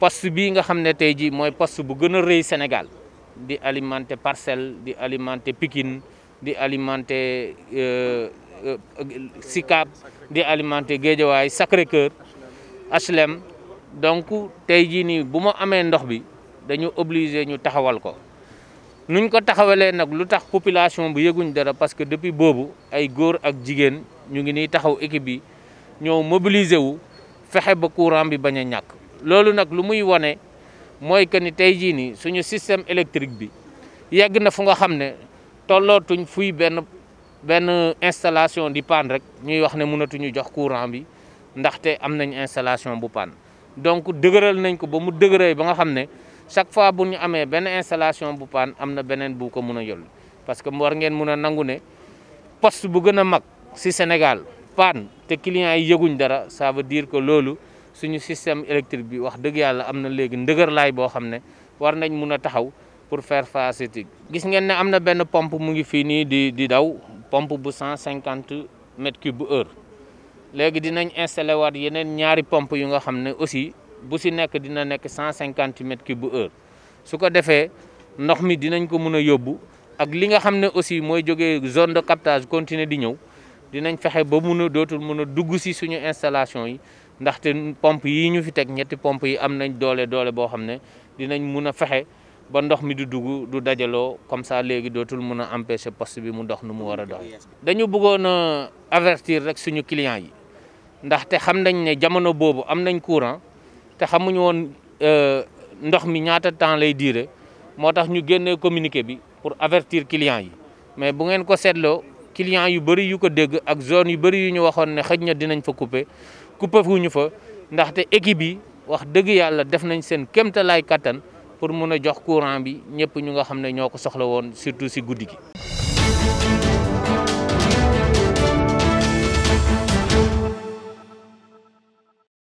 poste bii nga xam ne tey jii mooy poste bu gën a rëy Sénégal di alimenter Parcelles di alimenter pikin di alimenter euh, euh, Sicap di alimenter Guédiawaye Sacré-Cœur HLM donc tey jii nii bu ma amee ndox bi dañu obligé ñu taxawal ko nuñ ko taxawalee nag lu tax population bu yëguñ dara parce que depuis boobu ay góor ak jigéen ñu ngi nii taxaw équipe bi ñoo mobiliser wu fexe ba courant bi bañ a ñàkk loolu nag lu muy wone mooy que ni tey jii nii suñu système électrique bi yegg na fu nga xam ne tollootuñ fuy benn benn installation di panne rek ñuy wax ne mënatuñu jox courant bi ndaxte am nañ installation bu panne donc dëgëral nañ ko ba mu dëgëree ba nga xam ne chaque fois bu ñu amee benn installation bu panne am na beneen bu ko mun a yollu parce que war ngeen mun a nangu ne post bu gën a mag si Sénégal panne te clients yi yëguñ dara ça veut dire que loolu suñu système électrique bi wax dëgg yàlla am na léegi ndëgërlaay boo xam ne war nañ mun a taxaw pour faire face gis ngeen ne am na benn pompe mu ngi fii nii di di daw pompe bu cent cinquante mètres cube bu heure léegi dinañ installé waat yeneen ñaari pompe yu nga xam ne aussi bu si nekk dina nekk cent cinquante mètres bu heure su ko defee ndox mi dinañ ko mun a yóbbu ak li nga xam ne aussi mooy jógee zone de captage continuer di ñëw dinañ fexe ba mun a dootul mun a dugg si suñu installation yi ndaxte pompe yi ñu fi teg ñetti pompe yi am nañ doole doole boo xam ne dinañ mun a fexe ba ndox mi du dugg du dajaloo comme sa léegi dootul mun a empêcher poste bi mu dox nu mu war a dox dañu bëggoon a avertir rek suñu client yi ndaxte xam nañ ne jamono boobu am nañ courant te xamuñu woon euh, ndox mi ñaata temps lay diire moo tax ñu génne communiqué bi pour avertir client yi mais bu ngeen ko seetloo client yu bari yu ko dégg ak zone yu bari yu ñu waxoon ne xëj na dinañ fa couper couper fu ñu fa ndaxte équipe yi wax dëgg yàlla def nañ seen kéemtalaay kattan pour mun a jox courant bi ñëpp ñu nga xam ne ñoo ko soxla woon surtout si guddi gi.